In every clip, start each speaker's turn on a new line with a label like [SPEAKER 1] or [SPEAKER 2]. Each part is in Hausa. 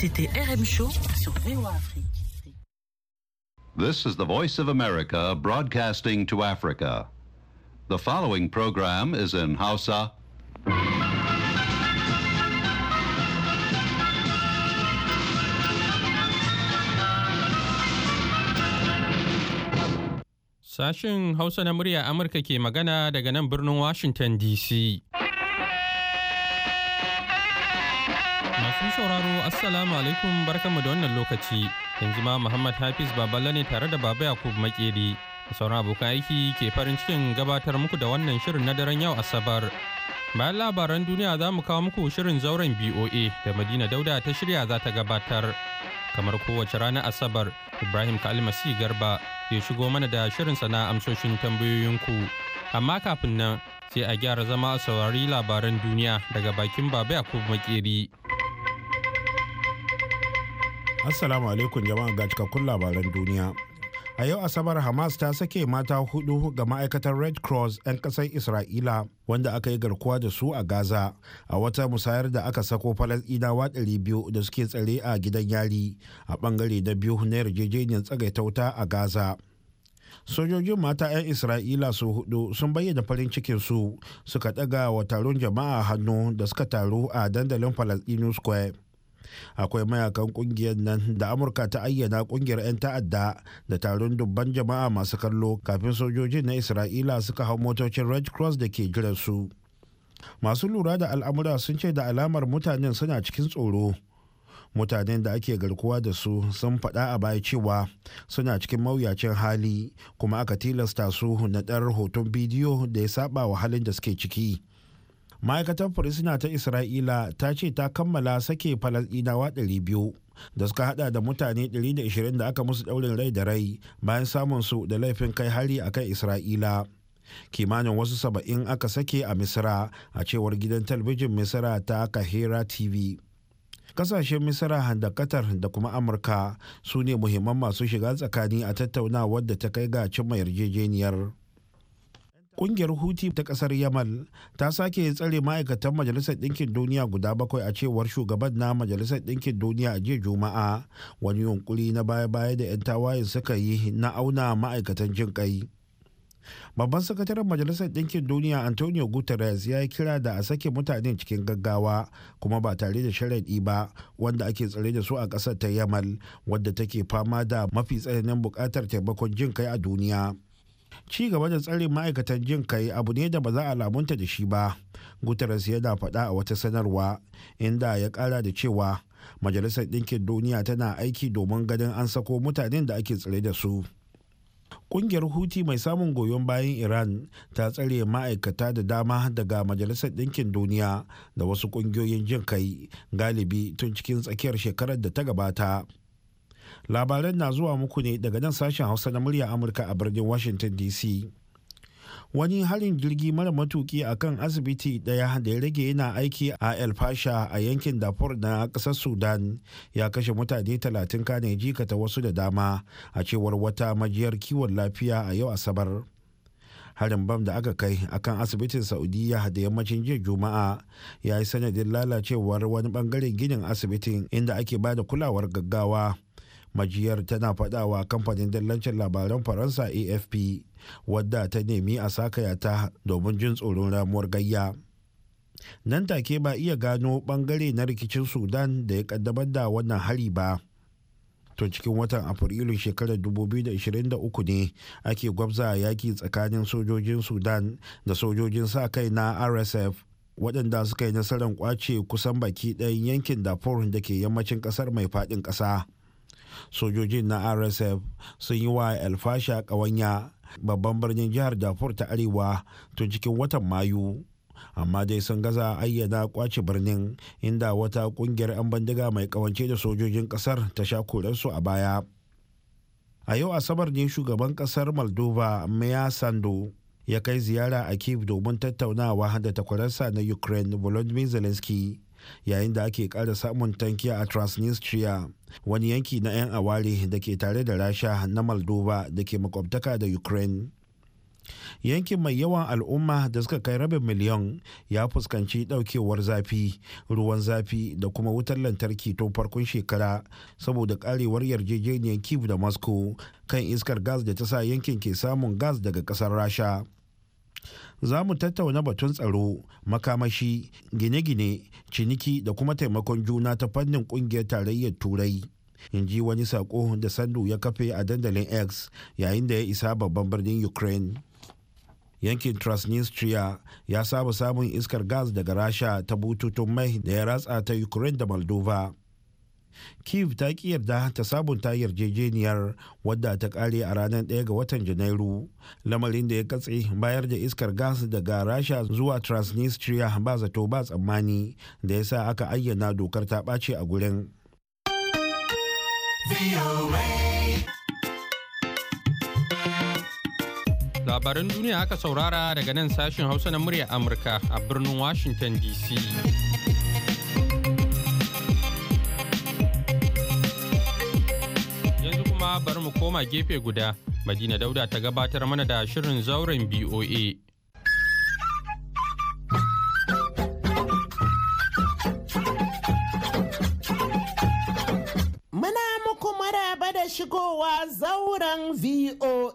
[SPEAKER 1] C'était RM Show sur VOA Afrique.
[SPEAKER 2] This is the Voice of America broadcasting to Africa. The following program is in Hausa.
[SPEAKER 3] Sashen Hausa na murya Amurka ke magana daga nan birnin Washington DC. Assalamu alaikum barkanmu da wannan lokaci. Yanzu ma Muhammad Hafiz babala ne tare da Baba Yakub Makeri. Sauran abokan aiki ke farin cikin gabatar muku da wannan shirin na daren yau Asabar. Bayan labaran duniya za mu kawo muku shirin zauren BOA da Madina Dauda ta shirya za ta gabatar. Kamar kowace ranar Asabar, Ibrahim Kalmasi Garba zai shigo mana da shirin na amsoshin tambayoyinku. Amma kafin nan sai a gyara zama a saurari labaran duniya daga bakin Baba Yakub Makeri.
[SPEAKER 4] Assalamu alaikum jama'a ga cikakkun labaran duniya. A yau Asabar Hamas ta sake mata hudu ga ma'aikatar Red Cross 'yan ƙasar Isra'ila wanda aka yi garkuwa da su a Gaza a wata musayar da aka sako Falasɗinawa 200 da suke tsare a gidan yari a ɓangare na biyu na yarjejeniyar tsagaitauta a Gaza. sojojin mata 'yan isra'ila su hudu sun bayyana farin cikin su suka daga wa taron jama'a hannu da suka taru a dandalin palestino square akwai mayakan kungiyar nan da amurka ta ayyana kungiyar 'yan ta'adda da taron dubban jama'a masu kallo kafin sojojin na isra'ila suka hau motocin red cross da ke jiran su masu lura da al'amura sun ce da alamar mutanen suna cikin tsoro mutanen da ake garkuwa da su sun faɗa a baya cewa suna cikin mawuyacin hali kuma aka tilasta su na ɗan rahoton bidiyo da ya saba wa halin da suke ciki ma'aikatar furisina ta isra'ila ta ce ta kammala sake falasɗinawa 200 da suka hada da mutane 120 da aka musu daurin rai da rai bayan samun su da laifin kai hari a kan isra'ila kimanin wasu saba'in aka sake a misira a cewar gidan talbijin misira ta kahira tv kasashen misira da Katar da kuma amurka su ne muhimman masu shiga tsakani a tattaunawar da ta kai ga cimma yarjejeniyar kungiyar huti ta kasar yamal ta sake tsare ma'aikatan majalisar ɗinkin duniya guda bakwai a cewar shugaban na majalisar ɗinkin duniya a jiya juma'a wani yunkuri na baya-baya da 'yan tawayen suka yi na auna ma'aikatan jin kai babban sakataren majalisar ɗinkin duniya antonio guterres ya yi kira da a sake mutane cikin gaggawa kuma ba tare da sharaɗi ba wanda ake tsare da su a ƙasar ta yamal wadda take fama da mafi tsananin buƙatar taimakon jin kai a duniya ci gaba da tsare ma'aikatan jin kai abu ne da ba za a lamunta da shi ba guterres yana faɗa a wata sanarwa inda ya ƙara da cewa majalisar ɗinkin duniya tana aiki domin ganin an sako mutanen da ake tsare da su Ƙungiyar huti mai samun goyon bayan iran ta tsare ma'aikata da dama daga majalisar ɗinkin duniya da wasu ƙungiyoyin jin kai galibi tun cikin tsakiyar shekarar da ta gabata labaran na zuwa muku ne daga nan sashen hausa na murya amurka a birnin washington dc wani harin jirgi mara matuki a kan asibiti daya da ya rage yana aiki a el fasha a yankin dafor na kasar sudan ya kashe mutane talatin kane jikata wasu da dama a cewar wata majiyar kiwon lafiya a yau asabar harin bam da aka kai akan asibitin saudiya da yammacin jiya juma'a ya yi sanadin lalacewar wani bangaren ginin asibitin inda ake bada kulawar gaggawa majiyar tana faɗawa kamfanin dallancin labaran faransa afp wadda ta nemi a sakaya ta domin jin tsoron ramuwar gayya nan take ba iya gano bangare na rikicin sudan da ya kaddamar da wannan hari ba to cikin watan afrilu shekarar 2023 ne ake gwabza yaki tsakanin sojojin sudan da sojojin sa kai na rsf waɗanda suka yi nasarar kwace kusan baki ɗayan yankin darfur da ke yammacin ƙasar mai faɗin ƙasa sojojin na rsf sun yi wa alfasha kawanya babban birnin jihar darfur ta arewa tun cikin watan mayu amma dai sun gaza ayyana kwace birnin inda wata kungiyar 'yan bandiga mai kawance da sojojin kasar ta sha su a baya a yau asabar ne shugaban kasar moldova maya sando ya kai ziyara a kiev domin tattaunawa da takwararsa na ukraine volodymyr zelensky yayin da ake ƙara samun tankiya a transnistria wani yanki na 'yan awari da ke tare da rasha na moldova da ke makwabtaka da ukraine yankin mai yawan al'umma da suka kai rabin miliyan ya fuskanci daukewar zafi ruwan zafi da kuma wutar lantarki tun farkon shekara saboda karewar yarjejeniyar kiv da moscow kan iskar gas da ta sa yankin ke samun gas daga kasar rasha za mu tattauna batun tsaro makamashi gine-gine ciniki da kuma taimakon juna ta fannin kungiyar tarayyar turai in ji wani sako da sandu ya kafe a dandalin x yayin da ya isa babban birnin ukraine yankin transnistria ya saba samun iskar gas daga rasha ta bututun mai da ya ratsa ta ukraine da moldova kiev ta ki yarda ta sabunta yarjejeniyar wadda ta kare a ranar 1 ga watan janairu lamarin da ya katse bayar da iskar gas daga rasha zuwa transnistria ba zato ba tsammani da ya sa aka ayyana dokar ta ɓace a gurin
[SPEAKER 3] labaran duniya aka saurara daga nan sashen hausa na murya amurka a birnin washington dc bar mu koma gefe guda madina dauda ta gabatar mana da shirin zauren boa
[SPEAKER 5] muna muku maraba da shigowa zauren voa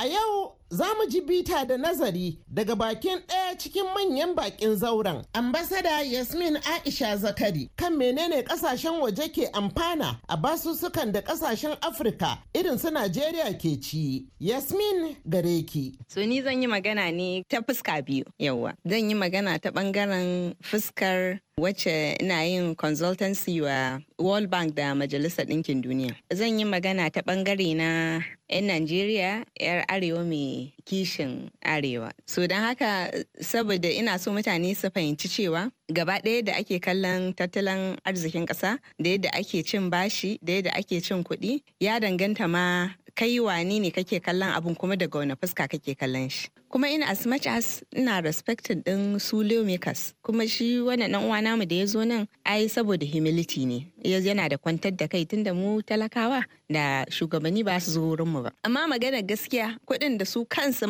[SPEAKER 5] a yau za mu ji bita da nazari daga bakin ɗaya cikin manyan bakin zauren ambasada yasmin aisha zakari kan menene kasashen waje ke amfana a basussukan da kasashen afirka irin su najeriya ke ci yasmin gare ki
[SPEAKER 2] so ni zan yi magana ne ta fuska biyu yawa zan yi magana ta ɓangaren fuskar wacce ina yin consultancy wa World Bank da Majalisar Ɗinkin Duniya. Zan yi magana ta ɓangare na 'yan Najeriya 'yar arewa mai kishin arewa. So don haka saboda ina so mutane su fahimci cewa gaba ɗaya da ake kallon tattalin arzikin ƙasa da yadda ake cin bashi da yadda ake cin kuɗi ya danganta ma kai wane ne kake kallon abun kuma daga wani fuska kake kallon shi kuma in as much as ina respected din su makers kuma shi wannan dan uwa namu da ya zo nan ai saboda humility ne yana da kwantar da kai tunda mu talakawa da shugabanni ba su zo wurinmu ba amma maganar gaskiya kuɗin da su kansu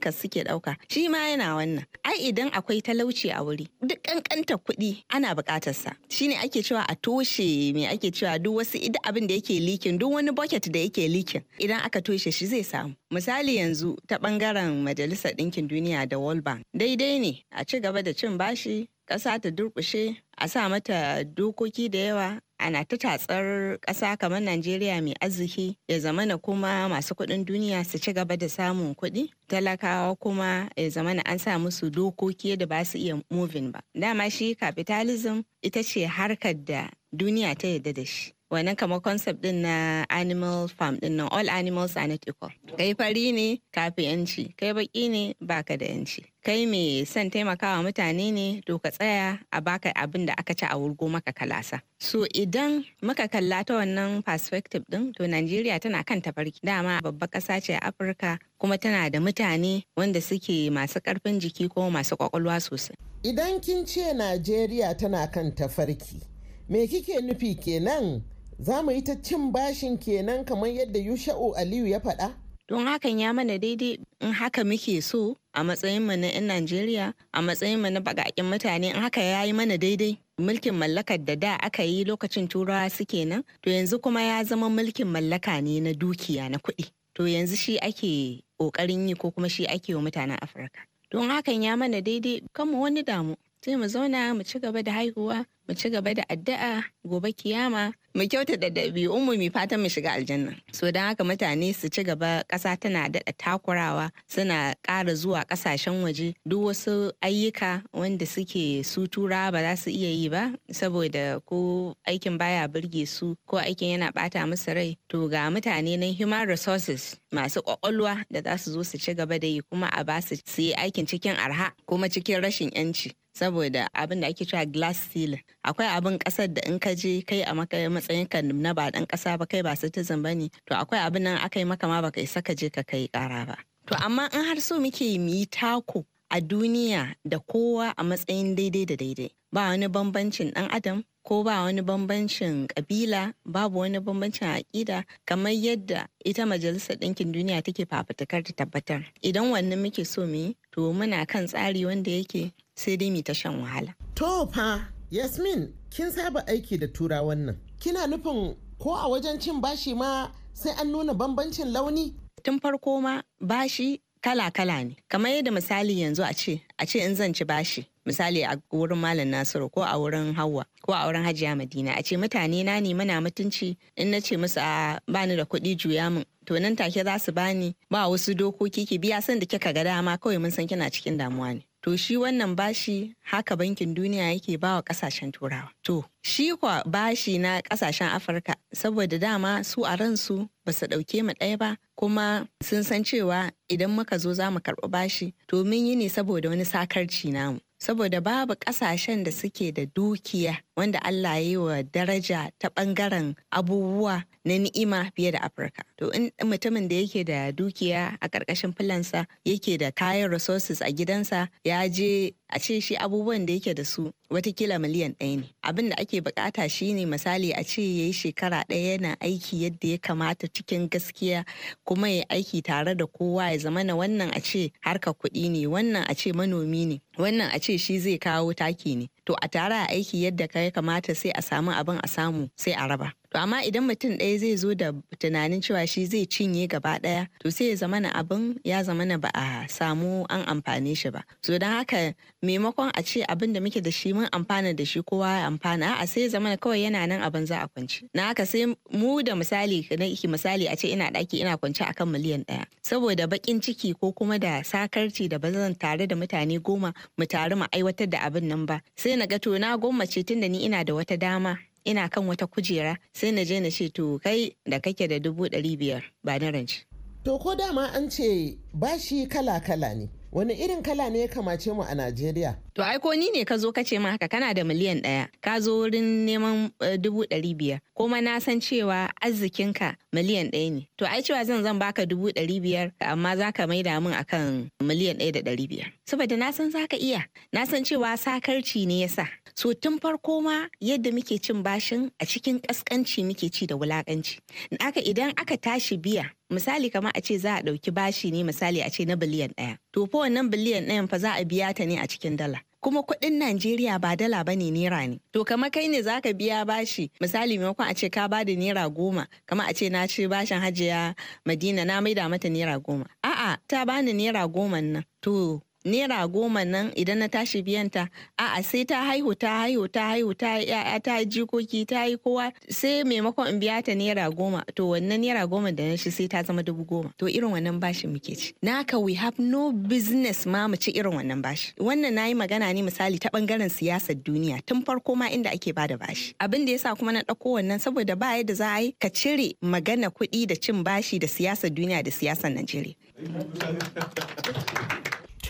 [SPEAKER 2] ka suke ɗauka shi ma yana wannan ai idan akwai talauci a wuri duk ƙanƙantar kuɗi ana buƙatar sa shine ake cewa a toshe me ake cewa duk wasu idan abin da yake likin duk wani bucket da yake likin idan aka toshe shi zai samu misali yanzu ta ɓangaren majalisar ɗinkin duniya da world bank daidai ne a ci gaba da cin bashi ƙasa ta durƙushe a sa mata dokoki da yawa ana ta tatsar ƙasa kamar Najeriya mai arziki ya zamana kuma masu kuɗin duniya su ci gaba da samun kuɗi talakawa kuma ya zamana an sa musu dokoki da ba su iya moving ba. Dama shi capitalism ita ce harkar da duniya ta yarda da shi. wannan kamar concept din na animal farm din nan all animals are not equal kai fari ne kafi yanci kai baki ne baka da yanci kai me son taimakawa mutane ne to ka tsaya a baka abin da aka ci a wurgo maka kalasa so idan muka kalla ta wannan perspective din to Najeriya tana kan tafarki dama babbar ƙasa ce a Afirka kuma tana da mutane wanda suke masu karfin jiki ko masu kwakwalwa sosai
[SPEAKER 5] idan kin ce Najeriya tana kan tafarki me kike nufi kenan za mu yi ta cin bashin kenan kamar yadda yusha'u aliyu ya faɗa
[SPEAKER 2] don hakan ya mana daidai in haka muke so a mu na 'yan najeriya a mu na bakakin mutane in haka ya yi mana daidai mulkin mallakar da da aka yi lokacin turawa suke nan to yanzu kuma ya zama mulkin mallaka ne na dukiya na kuɗi to yanzu shi ake ƙoƙarin yi ko kuma shi ake wa mutanen afirka don hakan ya mana daidai kanmu wani damu sai mu zauna mu ci gaba da haihuwa mu ci gaba da addu'a gobe kiyama mu kyauta da ɗabi'un mu mi fatan mu shiga aljanna so don haka mutane su ci gaba ƙasa tana daɗa takurawa suna ƙara zuwa ƙasashen waje duk wasu ayyuka wanda suke su tura ba za su iya yi ba saboda ko aikin baya burge su ko aikin yana ɓata musu rai to ga mutane na human resources masu ƙwaƙwalwa da za su zo su ci gaba da yi kuma a ba su yi aikin cikin arha kuma cikin rashin 'yanci saboda abin da ake cewa glass ceiling akwai abin kasar da in ka je kai a matsayin ka na ba dan kasa ba kai ba citizen ba ne to akwai abin nan aka yi maka ma ba isa ka je ka kai kara ba to amma in har so muke yi tako a duniya da kowa a matsayin daidai da daidai ba wani bambancin dan adam ko ba wani bambancin kabila babu wani bambancin aƙida kamar yadda ita majalisar ɗinkin duniya take fafutukar ta tabbatar idan wannan muke so mu yi to muna kan tsari wanda yake sai dai mu ta shan wahala
[SPEAKER 5] to fa yasmin kin saba aiki da tura wannan. kina nufin ko a wajen cin bashi ma sai an nuna bambancin launi
[SPEAKER 2] tun farko ma bashi kala-kala ne kamar yadda misali yanzu a ce a ce in zan ci bashi misali a wurin malam nasiru ko a wurin hawa ko a wurin hajiya madina a ce mutane na ne muna mutunci in na ce musu a bani da kuɗi juya min to nan take za su bani ba wasu dokoki ki biya san da kika ga dama kawai mun san kina cikin damuwa ne to shi wannan bashi haka bankin duniya yake ba wa kasashen turawa to shi kwa bashi na kasashen afirka saboda dama su a ransu ba su ɗauke mu ɗaya ba kuma sun san cewa idan muka zo za mu karɓi bashi to mun yi ne saboda wani sakarci namu saboda babu kasashen da suke da dukiya wanda Allah ya yi wa daraja ta ɓangaren abubuwa na ni'ima fiye da Afirka. To in mutumin da yake da dukiya a ƙarƙashin filansa yake da kayan resources a gidansa ya je a ce shi abubuwan da yake da su watakila miliyan ɗaya ne. Abin da ake bukata shi ne misali a ce ya yi shekara ɗaya yana aiki yadda ya kamata cikin gaskiya kuma ya aiki tare da kowa ya zama na wannan a ce harka kuɗi ne wannan a ce manomi ne wannan a ce shi zai kawo taki ne to a tare a aiki yadda ka kamata sai a samu abin a samu sai a raba. to amma idan mutum ɗaya zai zo da tunanin cewa shi zai cinye gaba ɗaya to sai ya zamana abin ya zamana ba a samu an amfane shi ba so don haka maimakon a ce abin da muke da shi mun amfana da shi kowa ya amfana a sai ya zamana kawai yana nan abin za a kwanci na haka sai mu da misali na iki misali a ce ina ɗaki ina kwanci akan miliyan ɗaya saboda bakin ciki ko kuma da sakarci da ba zan tare da mutane goma mu tare mu aiwatar da abin nan ba sai na ga to na gwammace tun da ni ina da wata dama ina kan wata kujera sai na je na ce to kai da kake da dubu ɗari biyar ba na rance.
[SPEAKER 5] To ko dama an ce bashi kala-kala ne. Wani irin kala ne ya kamace mu a Najeriya?
[SPEAKER 2] To ai ko ni ne ka zo ka ce ma haka kana da miliyan ɗaya ka zo wurin neman eh, dubu ɗari biyar kuma na san cewa arzikinka miliyan ɗaya ne. To ai cewa zan zan baka dubu ɗari biyar amma za ka maida min akan miliyan ɗaya da ɗari biyar. Saboda na san za ka iya na san cewa sakarci ne ya sa. so tun farko ma yadda muke cin bashin a cikin kaskanci muke ci da wulakanci aka idan aka tashi biya misali kama a ce za a ɗauki bashi ne misali a ce na biliyan ɗaya to fa wannan biliyan ɗayan fa za a biya ta ne a cikin dala kuma kuɗin Najeriya ba dala ba ne naira ne. To kama kai ne za ka biya bashi misali maimakon a ce ka ba da naira goma kama a ce na ci bashin hajiya Madina na maida mata naira goma. A'a ta bani naira goma nan. To naira goma nan idan na tashi biyan biyanta a'a sai ta haihu ta haihu ta haihu ta ya'ya ta yi jikoki ta yi kowa sai maimakon in biya ta naira goma to wannan naira goma da na shi sai ta zama dubu goma to irin wannan bashi muke ci naka we have no business ma mu ci irin wannan bashi wannan na yi magana ne misali ta bangaren siyasar duniya tun farko ma inda ake bada bashi abin da yasa kuma na ɗauko wannan saboda ba yadda za a yi ka cire magana kuɗi da cin bashi da siyasar duniya da siyasar Najeriya.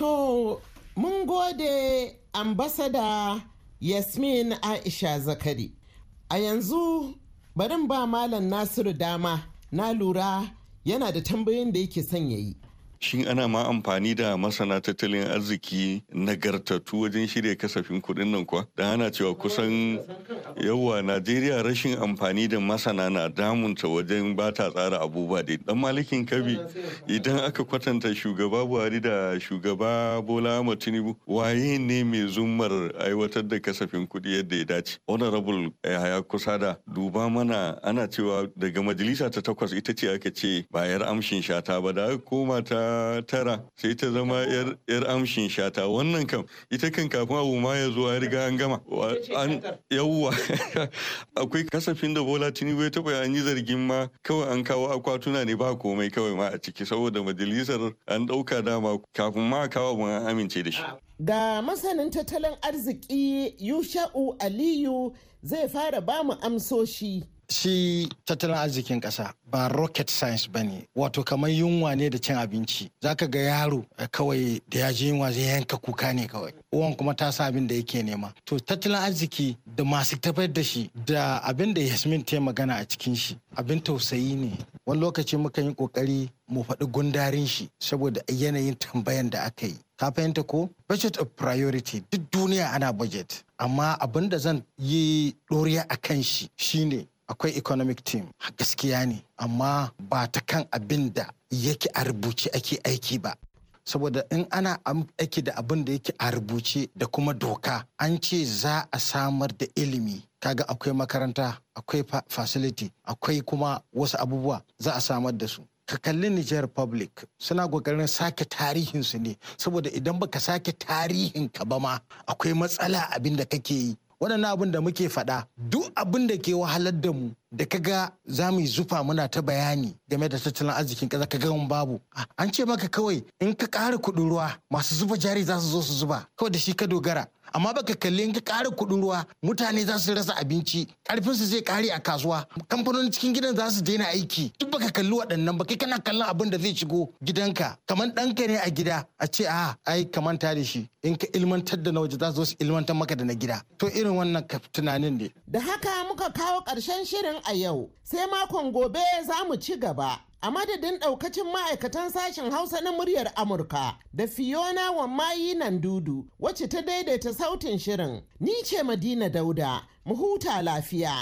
[SPEAKER 2] To,
[SPEAKER 5] mun gode ambasada Yasmin Aisha Zakari. A yanzu barin ba Malam Nasiru dama na lura yana da tambayin da yake son yayi.
[SPEAKER 6] Shin ana ma amfani da masana tattalin arziki nagartattu wajen shirya kasafin kuɗin nan kuwa? Da ana cewa kusan yawa Najeriya rashin amfani da masana na damunta wajen ba ta tsara abubuwa dai. Dan malikin kabi idan aka kwatanta shugaba Buhari da shugaba Bola Ahmed Tinubu waye ne mai zumar aiwatar da kasafin kuɗi yadda ya dace. Honorable eh, Yahaya Kusada duba mana ana cewa daga majalisa ta takwas ita ce aka ce bayar amshin shata ba da koma ta tara sai ta zama yar amshin shata wannan kam ita kan kafin abu ma ya zo ya riga an gama an yawwa akwai kasafin da bola tinubu ya taba an yi zargin ma kawai an kawo akwatuna ne ba komai kawai ma a ciki saboda majalisar an dauka dama kafin ma kawo abu an amince da shi ah.
[SPEAKER 5] ga masanin tattalin arziki yusha'u aliyu zai fara bamu
[SPEAKER 7] amsoshi shi tattalin arzikin ƙasa ba rocket science ba ne wato kamar yunwa ne da cin abinci Za ka ga yaro eh, kawai da ya ji yunwa zai yanka kuka ne kawai uwan kuma ta sa abin da yake nema to tattalin arziki da masu tabbatar da shi da abin da yasmin ta magana a cikin shi abin tausayi ne wani lokaci muka yi kokari mu faɗi gundarin shi saboda yanayin tambayan da aka yi ka fahimta ko budget of priority duk duniya ana budget amma abin da zan yi ɗoriya a kan shi shine akwai economic team gaskiya ne amma ba ta kan abin da yake a rubuce ake aiki ba saboda in ana aiki da abin da yake a rubuce da kuma doka an ce za a samar da ilimi kaga akwai makaranta akwai facility akwai kuma wasu abubuwa za a samar da su ka kalli Niger Public suna kokarin sake tarihinsu ne saboda idan baka sake tarihin ka ba ma akwai matsala abin da kake yi waɗannan abin da muke faɗa duk abin da ke wahalar da mu da ka ga za mu yi zufa muna ta bayani game da tattalin arzikin ƙasa ka gawan babu an ce maka kawai in ka ƙara kuɗin ruwa masu zuba jari za su zo su zuba kawai da shi ka dogara amma baka kalli ka kara kudin ruwa mutane za su rasa abinci karfin su zai kare a kasuwa kamfanonin cikin gidan za su daina aiki duk baka kalli waɗannan ba kai kana kallon abin da zai shigo gidanka kamar ɗanka ne a gida a ce a ah, ai kamanta da shi in ka ilmantar da na waje za su ilmantar maka da na gida to irin wannan tunanin ne da haka muka kawo karshen shirin a yau sai makon gobe za mu ci gaba a madadin daukacin
[SPEAKER 5] ma'aikatan sashen hausa na muryar amurka da fiona mayi nan dudu wacce ta daidaita sautin shirin ni ce madina dauda mu huta lafiya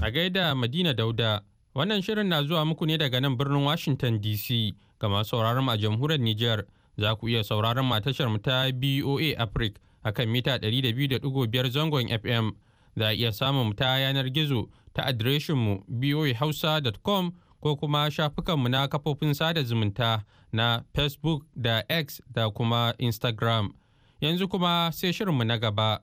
[SPEAKER 3] a gaida madina dauda wannan shirin na zuwa muku ne daga nan birnin washington dc ga masu sauraron a jamhuriyar niger za ku iya sauraron mu ta boa africa akan mita 200.5 zangon FM za a iya samun ta yanar gizo ta adireshinmu boihausa.com ko kuma shafukanmu na kafofin sada zumunta na Facebook da X da kuma Instagram. Yanzu kuma sai shirinmu na gaba.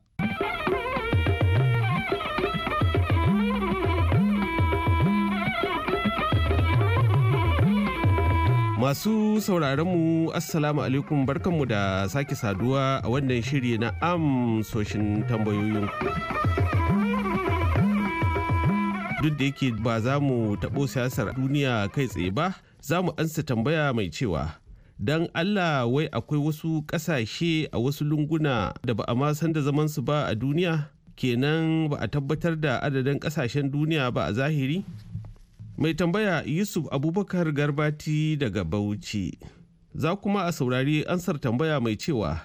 [SPEAKER 8] Masu sauraronmu Assalamu alaikum barkanmu da sake saduwa a wannan shiri na amsoshin tambayoyin. Duk da yake ba za mu taɓo siyasar duniya kai tsaye ba, za mu ansa tambaya mai cewa. Don Allah wai akwai wasu ƙasashe a wasu lunguna da ba a ma san da zamansu ba a duniya? Kenan ba a tabbatar da adadin ƙasashen duniya ba a zahiri? mai tambaya yusuf abubakar garbati daga bauchi za kuma a saurari ansar tambaya mai cewa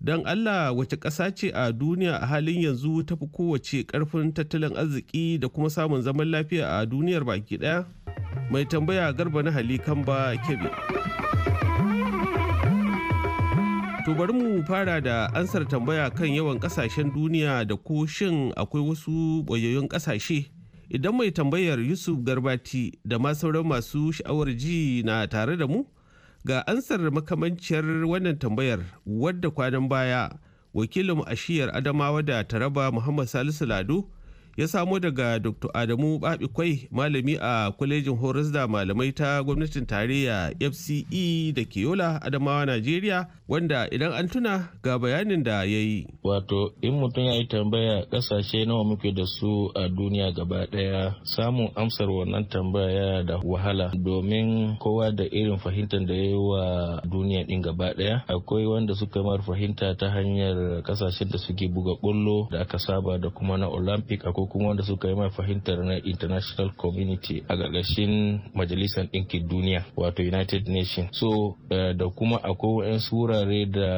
[SPEAKER 8] don allah wace ƙasa ce a duniya a halin yanzu ta fi kowace ƙarfin tattalin arziki da kuma samun zaman lafiya a duniyar baki ɗaya mai tambaya garba na kan ba kebe to bari mu fara da ansar tambaya kan yawan ƙasashen duniya da ko shin akwai wasu ɓoyayyun ƙasashe idan mai tambayar yusuf garbati da ma sauran masu sha'awar ji na tare da mu ga ansar makamanciyar wannan tambayar wadda kwanan baya wakilin ashiyar adamawa da taraba muhammad salisu lado ya samo daga dr adamu babikwai malami a kwalejin horas da malamai ta gwamnatin tarayya fce da ke yola adamawa najeriya wanda idan an tuna ga bayanin da ya yi wato in mutum ya yi tambaya kasashe nawa
[SPEAKER 6] muke da su a duniya gaba daya samun amsar wannan tambaya da wahala domin kowa da irin fahimtar da ya yi wa duniya din gaba daya akwai wanda suka mar fahimta ta hanyar kasashen da suke buga kullo da aka saba da kuma na olympic akwai kuma wanda suka yi mai fahimtar na international community a gargashin majalisar ɗinkin duniya wato united nations so eh, da kuma akwai wa'yansu wurare da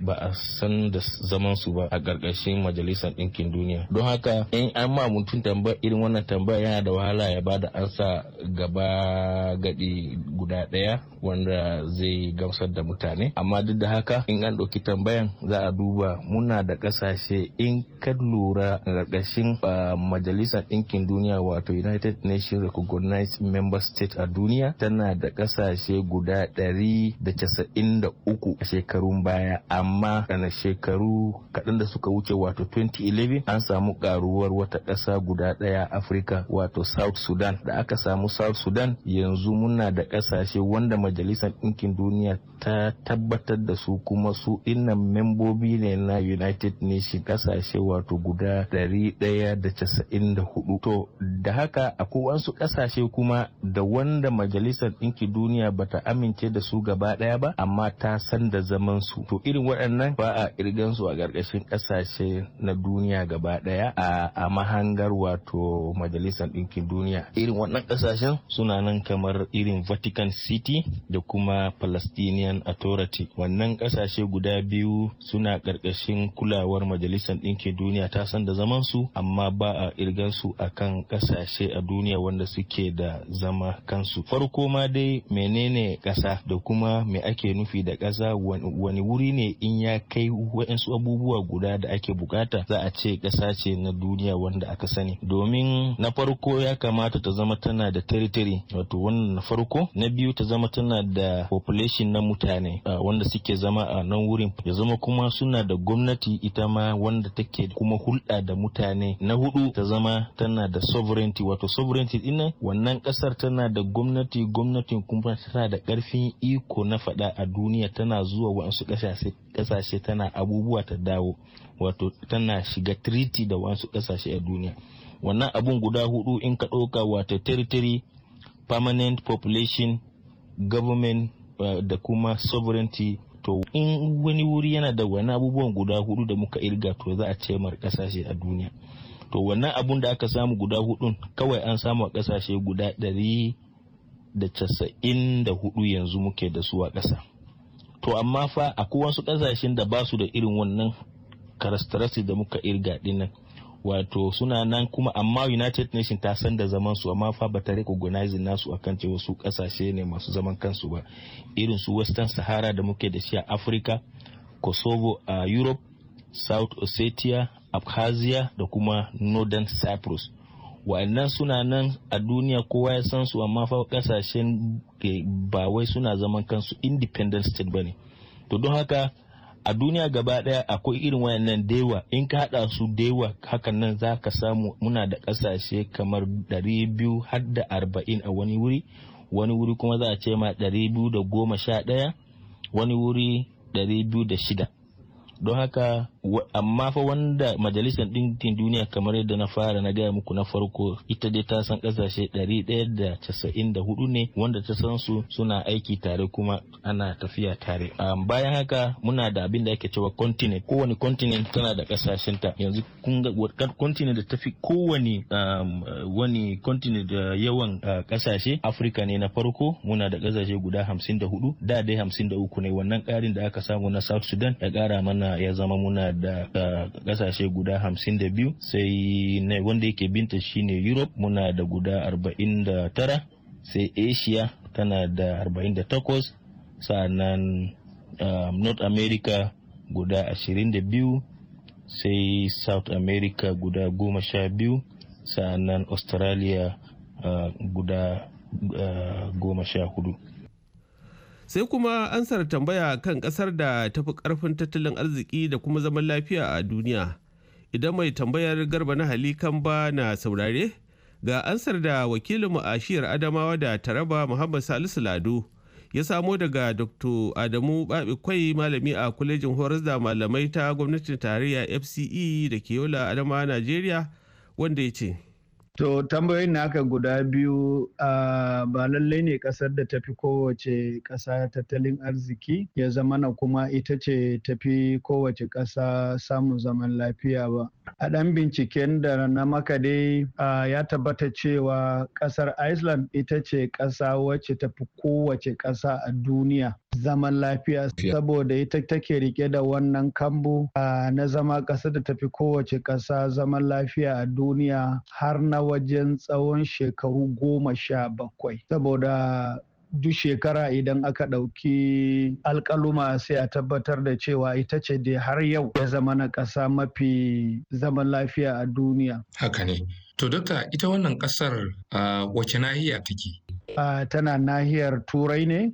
[SPEAKER 6] ba a san da zaman su ba a gargashin majalisar ɗinkin duniya don haka in an ma mutum tambaya irin wannan tambaya yana da wahala ya bada ansa gaba gadi guda daya wanda zai gamsar da mutane amma duk da haka in an ɗauki tambayan za a duba muna da ƙasashe in ka lura a gargashin eh, da majalisar ɗinkin duniya wato united nations recognized member state a duniya tana da ƙasashe guda 193 a shekarun baya amma kana shekaru kaɗan da suka wuce wato 2011 an samu ƙaruwar wata ƙasa guda ɗaya afirka wato south sudan da aka samu south sudan yanzu muna da ƙasashe wanda majalisar ɗinkin duniya ta tabbatar da su kuma su ɗinnan membobi ne na united nations ƙasashe wato guda ɗari ɗaya da da hudu to da haka akwai wasu kasashe kuma da wanda majalisar ɗinki duniya bata amince da su gaba ɗaya ba amma ta san da zaman su to irin waɗannan ba a irgan su a ƙarƙashin ƙasashe na duniya gaba ɗaya a mahangar wato majalisar ɗinkin duniya irin waɗannan ƙasashen suna nan kamar irin vatican city da kuma palestinian authority wannan ƙasashe guda biyu suna ƙarƙashin kulawar majalisar ɗinkin duniya ta san da zaman su amma ba ba a irgan su akan kasashe a duniya wanda suke da zama kansu farko ma dai menene kasa da kuma me ake nufi da kasa wani wuri ne in ya kai waɗansu abubuwa guda da ake buƙata za a ce kasa ce na duniya wanda aka sani domin na farko ya kamata ta zama tana da territory wato wannan na farko na biyu ta zama tana da population na mutane wanda suke zama a nan wurin ya zama kuma suna da gwamnati ita ma wanda take kuma hulɗa da mutane na hudu hudu ta zama tana da sovereignty wato sovereignty dinnan wannan kasar tana da gwamnati gwamnatin kuma tana da karfin iko na fada a duniya tana zuwa wasu kasashe tana abubuwa ta dawo wato tana shiga treaty da wasu kasashe a duniya wannan abun guda hudu in ka ɗauka wato territory permanent population government eh, da kuma sovereignty to in wani wuri yana da wani abubuwan guda hudu da muka irga to za a ce mar kasashe a duniya to wannan abun da aka samu guda hudun kawai an samu a kasashe guda ɗari da casa'in da hudu yanzu muke da su a kasa to amma fa akwai wasu kasashen da ba su da irin wannan karastarasi da muka irga dinnan wato suna nan kuma amma united nation ta san da zaman su amma fa bata recognize nasu akan cewa su kasashe ne masu zaman kansu ba irin su western sahara da muke da shi a africa kosovo a europe south ossetia abkhazia da kuma northern cyprus wa'annan suna nan a duniya kowa ya san su amma fa kasashen ba wai suna zaman kansu independent state ne to don haka a duniya gaba daya akwai irin wayannan dewa in ka hada su dewa hakan nan za ka samu muna da kasashe kamar 240 har da a wani wuri wani wuri kuma za a ce ma 211 wani wuri 206 don haka amma fa wanda majalisar ɗinkin duniya kamar yadda na fara na gaya muku na farko ita dai ta san ƙasashe 194 ne wanda ta san su suna aiki tare kuma ana tafiya tare um, bayan haka muna da abin da ake cewa continent kowane continent tana da ƙasashen ta yanzu kun ga continent da tafi kowane um, wani continent da yawan ƙasashe uh, Afirka ne na farko muna da kasashe guda 54 da dai 53 ne wannan ƙarin da aka samu na South Sudan da ƙara mana ya zama muna da kasashe guda hamsin da biyu sai wanda yake binta shine europe muna da guda arba'in da tara sai asia tana da arba'in da takwas sa'annan um, north america guda ashirin da biyu sai south america guda goma sha biyu sa'annan australia uh, guda uh, goma sha hudu
[SPEAKER 8] sai kuma ansar tambaya kan kasar da ta fi karfin tattalin arziki da kuma zaman lafiya a duniya idan mai tambayar garba na hali kan ba na saurare ga ansar da wakilinmu a shiyar adamawa da taraba muhammad salisu lado ya samo daga dr adamu babikwai malami a kwalejin horas da malamai ta gwamnatin tarayya fce da ke yola adama najeriya wanda ya ce
[SPEAKER 9] To tambayoyin naka guda biyu uh, ba lallai ne kasar da tafi kowace ƙasa tattalin arziki ya zama na kuma ita ce tafi kowace ƙasa samun zaman lafiya ba. A ɗan binciken da na maka dai ya tabbata cewa ƙasar Iceland ita ce ƙasa wacce tafi kowace ƙasa a duniya zaman lafiya saboda ita take rike da wannan kambu na zama ƙasa da tafi kowace ƙasa zaman lafiya a duniya har na wajen tsawon shekaru goma sha bakwai saboda duk shekara idan aka ɗauki alkaluma sai a tabbatar da cewa ita ce dai har yau ya zama na ƙasa mafi zaman lafiya a duniya.
[SPEAKER 1] Haka ne. To, Dokta, ita wannan ƙasar wace nahiya take?
[SPEAKER 9] tana nahiyar Turai ne,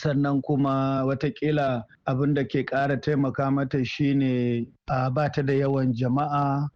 [SPEAKER 9] sannan kuma watakila abin da ke ƙara taimaka mata shine a ba ta da yawan jama'a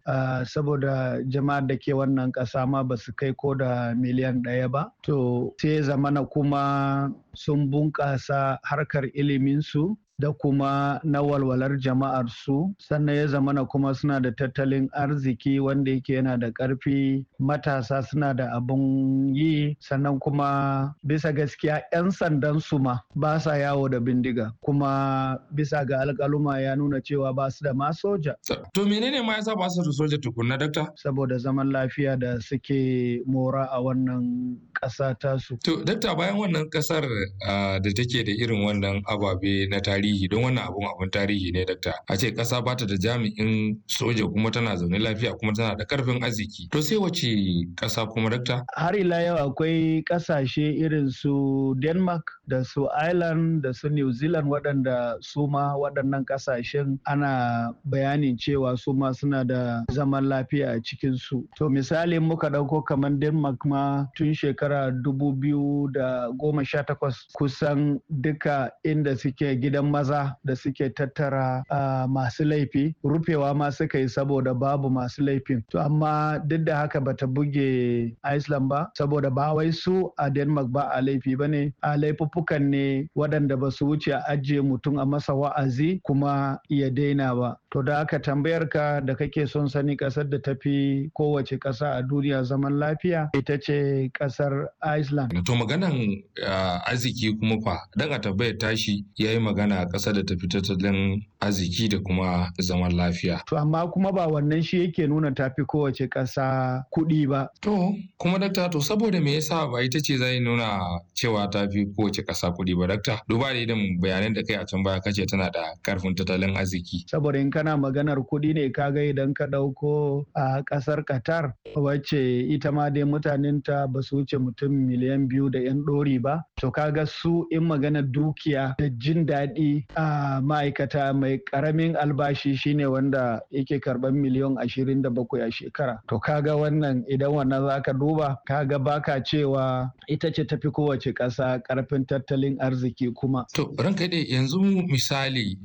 [SPEAKER 9] saboda jama'ar da ke wannan ƙasa ma ba su kai ko da miliyan ɗaya ba to sai zamana kuma sun bunƙasa harkar iliminsu da kuma na walwalar jama'ar su sannan ya zamana kuma suna da tattalin arziki wanda yake yana da ƙarfi matasa suna da abun yi sannan kuma bisa gaskiya 'yan sandan su ma ba sa yawo da bindiga kuma bisa ga alkaluma ya nuna cewa ba su da ma soja. To menene ma yasa ba su da soja tukunna dakta? Saboda zaman lafiya da suke mora a wannan ƙasa tasu. To dakta bayan
[SPEAKER 1] wannan ƙasar ah, da take da irin wannan ababe na tarihi tarihi don wannan abun abun tarihi ne dakta a ce kasa bata da jami'in soja kuma tana zaune lafiya kuma tana da karfin arziki to sai wace kasa kuma dakta
[SPEAKER 9] har ila yau akwai kasashe irin su denmark da su ireland da su new zealand waɗanda su ma waɗannan kasashen ana bayanin cewa su ma suna da zaman lafiya a su to misali muka ɗauko kamar denmark ma tun shekara dubu biyu da goma sha takwas kusan duka inda suke gidan maza da suke tattara masu laifi rufewa ma suka yi saboda babu masu laifin to amma duk da haka bata buge iceland ba saboda ba wai su a denmark ba a laifi ba ne a laifuffukan ne waɗanda ba su wuce a ajiye mutum a masa wa'azi kuma ya daina ba To da aka tambayar ka da kake son sani kasar da tafi kowace kasa a duniya zaman lafiya ita ce kasar Iceland.
[SPEAKER 1] To maganan ah, arziki kuma fa a tambayar tashi ya yi magana a kasar da tafi tattalin arziki da kuma zaman lafiya.
[SPEAKER 9] To amma kuma ba wannan shi yake nuna tafi kowace kasa kuɗi ba. To
[SPEAKER 1] kuma dakta to saboda me yasa ba ita ce zai nuna cewa tafi kowace kasa kuɗi ba dakta duba da idan bayanan da kai a can baya kace tana da karfin tattalin arziki.
[SPEAKER 9] Saboda in ka kana maganar kuɗi ne kaga idan ka ɗauko a ƙasar qatar wacce ita ma dai mutanenta ba su wuce mutum miliyan biyu da 'yan ɗori ba to kaga su in maganar dukiya da jin daɗi a ma'aikata mai ƙaramin albashi shine wanda yake karɓar miliyan ashirin da bakwai a shekara to kaga wannan idan wannan ka duba kaga baka cewa ita ce tafi kowace ƙasa ƙarfin tattalin arziki kuma to ranka
[SPEAKER 1] yanzu misali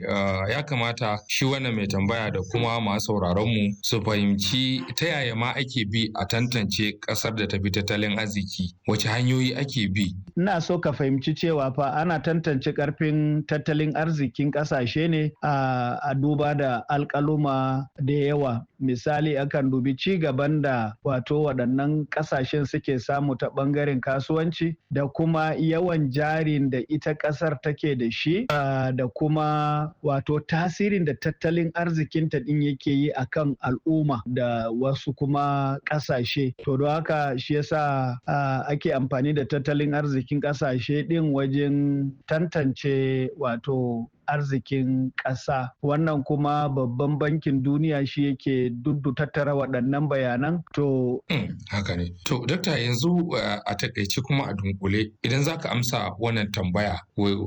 [SPEAKER 1] ya kamata shi wannan mai tambaya da kuma masu mu su fahimci ta yaya ma ake bi a tantance ƙasar da tafi tattalin arziki wace hanyoyi ake bi.
[SPEAKER 9] Ina so ka fahimci cewa fa ana tantance karfin tattalin arzikin ƙasashe ne a a duba da alƙaluma da yawa. Misali akan dubi ci gaban da wato waɗannan ƙasashen suke samu ta ɓangaren kasuwanci da kuma yawan jarin da ita ƙasar take da shi da kuma wato tasirin da tattalin arzikinta din yake yi a kan al'umma da wasu kuma ƙasashe to don haka shi yasa ake amfani da tattalin arzikin ƙasashe din wajen tantance wato arzikin ƙasa wannan kuma babban bankin duniya shi yake duddu tattara waɗannan bayanan to hmm,
[SPEAKER 1] haka ne to dakta yanzu eh, a takaice kuma a dunkule idan za ka amsa wannan tambaya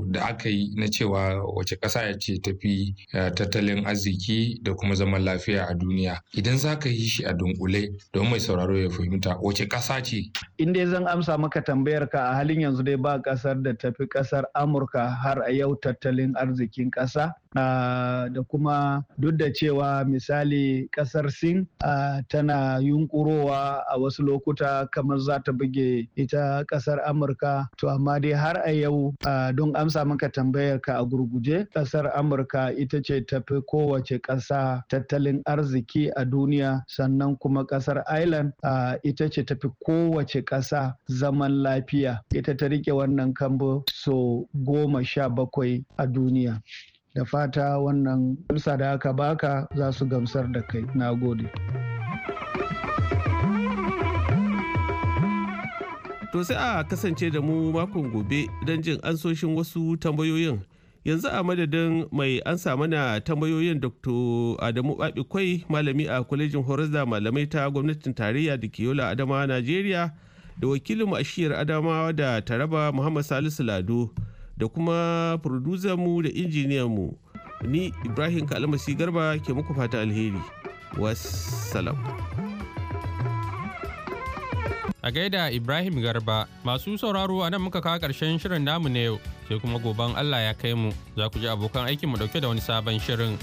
[SPEAKER 1] da aka yi na cewa wace ƙasa ya ce tafi eh, tattalin arziki da kuma zaman lafiya a duniya idan za ka yi shi a dunkule don mai sauraro ya fahimta wace ƙasa ce
[SPEAKER 9] in dai zan amsa maka tambayar ka a halin yanzu dai ba ƙasar da tafi ƙasar amurka har a yau tattalin arziki aquí en casa Ah, da kuma duk da cewa misali kasar sin ah, tana yunkurowa a wasu lokuta kamar za ta buge ita kasar amurka to amma dai har a yau ah, don amsa maka tambayar ka a gurguje kasar amurka ita ce tafi kowace ƙasa tattalin arziki a duniya sannan kuma kasar ireland ita ce tafi kowace ƙasa zaman lafiya ita ta rike wannan kambo so goma sha bakwai a duniya. da fata wannan amsa da aka baka za su gamsar da kai na gode
[SPEAKER 8] to sai a kasance da mu makon gobe don jin ansoshin wasu tambayoyin yanzu a madadin mai ansa mana tambayoyin dr adamu babikwai malami a kwalejin horas malamai ta gwamnatin tarayya da ke yola adama najeriya da wakilin ashiyar adamawa da taraba muhammad salisu lado da kuma mu da injiniyanmu ni ibrahim kalmasi garba ke muku fata alheri wassalam a gaida
[SPEAKER 3] ibrahim garba masu sauraro a nan muka kawo karshen shirin namu na yau sai kuma goban allah ya kai mu za ku ji abokan aikin mu dauke da wani sabon shirin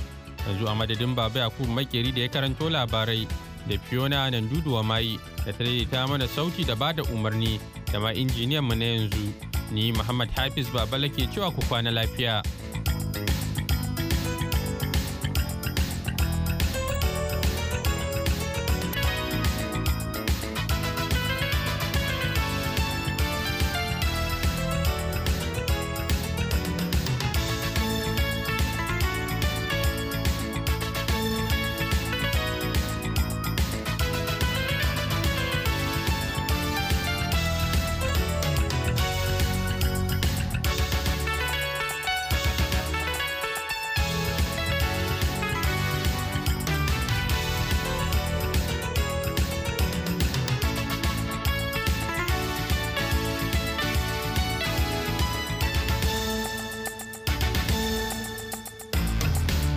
[SPEAKER 3] yanzu a madadin baba yakubu makeri da ya karanto labarai da fiona nan duduwa mai da ta mana sauti da bada umarni da ma injiniyan mu na yanzu Ni Muhammad Hafiz Babala ke cewa ku kwana lafiya.